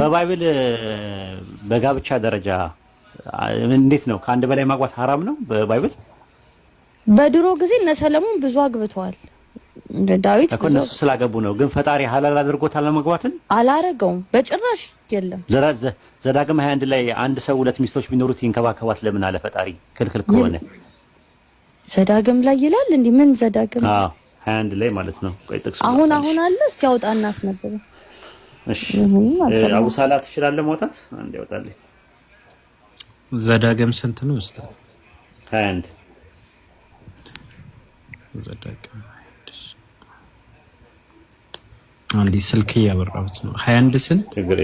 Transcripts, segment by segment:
በባይብል በጋብቻ ደረጃ እንዴት ነው? ከአንድ በላይ ማግባት ሀራም ነው በባይብል? በድሮ ጊዜ እነ ሰለሞን ብዙ አግብተዋል። ዳዊት እኮ እነሱ ስላገቡ ነው። ግን ፈጣሪ ሀላል አድርጎታል መግባትን? አላረገውም፣ በጭራሽ የለም። ዘዳግም 21 ላይ አንድ ሰው ሁለት ሚስቶች ቢኖሩት ይንከባከባት ለምን አለ ፈጣሪ? ክልክል ከሆነ ዘዳግም ላይ ይላል። እንዲህ ምን ዘዳግም? አዎ 21 ላይ ማለት ነው። ቆይ ጥቅሱ አሁን አሁን አለ። እስቲ አውጣ እናስነበበው አቡሳላ ትችላለህ መውጣት? አንድ ያወጣልኝ። ዘዳገም ስንት ነው ኡስታዝ? 21 ዘዳገም አንዴ ስልክ እያበራሁት ነው። 21 ስንት? ችግር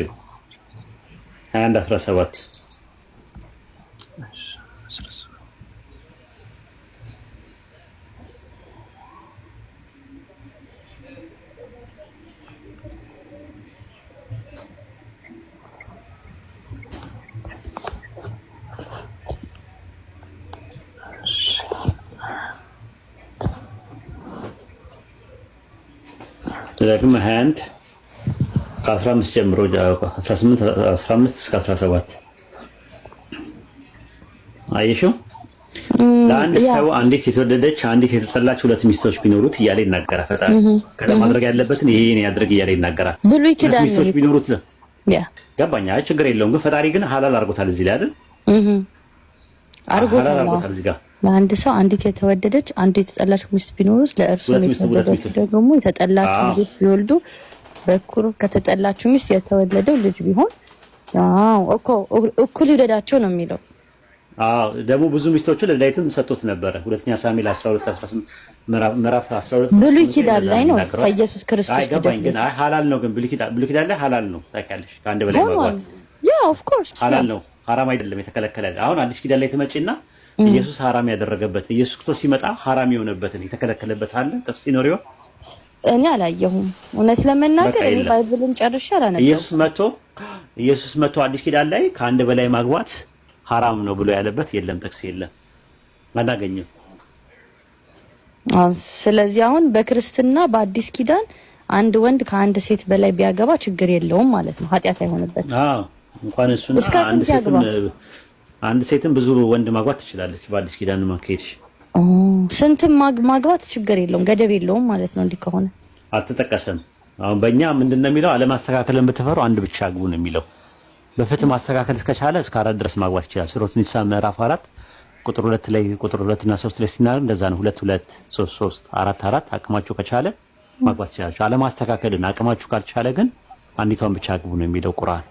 21 17 ረዥም 21 ከ15 ጀምሮ 18 15 እስከ 17 አየሽው። ለአንድ ሰው አንዲት የተወደደች አንዲት የተጠላች ሁለት ሚስቶች ቢኖሩት እያለ ይናገራል ፈጣሪ። ከዛ ማድረግ ያለበትን ይሄ ያድርግ እያለ ይናገራል። ብሉ ኪዳን ሚስቶች ቢኖሩት ገባኛ፣ ችግር የለውም ግን ፈጣሪ ግን ሀላል አድርጎታል እዚህ ላይ አይደል? አድርጎታል እዚህ ጋር ለአንድ ሰው አንዲት የተወደደች አንዱ የተጠላች ሚስት ቢኖሩት ለእርሱ የተወደዳችሁ ደግሞ የተጠላችሁ ልጆች ሲወልዱ በኩር ከተጠላችሁ ሚስት የተወለደው ልጅ ቢሆን እኩል ይውደዳቸው ነው የሚለው። ደግሞ ብዙ ሚስቶቹ ለዳዊትም ሰጥቶት ነበረ። ሁለተኛ ሳሙኤል 12 ምዕራፍ 12 ብሉይ ኪዳን ላይ ነው ከኢየሱስ ክርስቶስ ግን ሀላል ነው። ግን ብሉይ ኪዳን ላይ ሀላል ነው ታውቂያለሽ። ከአንድ በላይ ማግባት ያ ኦፍ ኮርስ ሀላል ነው፣ ሀራም አይደለም የተከለከለ። አሁን አዲስ ኪዳን ላይ ትመጪና ኢየሱስ ሀራም ያደረገበት ኢየሱስ ክርስቶስ ሲመጣ ሀራም የሆነበትን የተከለከለበት አለ ጥቅስ ይኖር ይሆን? እኔ አላየሁም። እውነት ለመናገር እኔ ባይብልን ጨርሼ አላነበብኩም። ኢየሱስ መቶ ኢየሱስ መቶ አዲስ ኪዳን ላይ ከአንድ በላይ ማግባት ሀራም ነው ብሎ ያለበት የለም፣ ጥቅስ የለም፣ አላገኘም። ስለዚህ አሁን በክርስትና በአዲስ ኪዳን አንድ ወንድ ከአንድ ሴት በላይ ቢያገባ ችግር የለውም ማለት ነው፣ ኃጢአት አይሆንበትም። አዎ እንኳን እሱን አንድ ሴት አንድ ሴትም ብዙ ወንድ ማግባት ትችላለች በአዲስ ኪዳን ማካሄድ። ስንትም ማግባት ችግር የለውም ገደብ የለውም ማለት ነው። እንዲህ ከሆነ አልተጠቀሰም። አሁን በእኛ ምንድን ነው የሚለው አለማስተካከልን ብትፈሩ አንድ ብቻ አግቡ ነው የሚለው። በፍትህ ማስተካከል እስከቻለ እስከ አራት ድረስ ማግባት ይችላል። ሱረቱ ኒሳ ምዕራፍ አራት ቁጥር ሁለት ላይ ቁጥር ሁለት እና ሶስት ላይ ሲናገር እንደዛ ነው። ሁለት ሁለት ሶስት ሶስት አራት አራት አቅማችሁ ከቻለ ማግባት ይችላል። አለማስተካከልን አቅማችሁ ካልቻለ ግን አንዲቷን ብቻ አግቡ ነው የሚለው ቁርአን።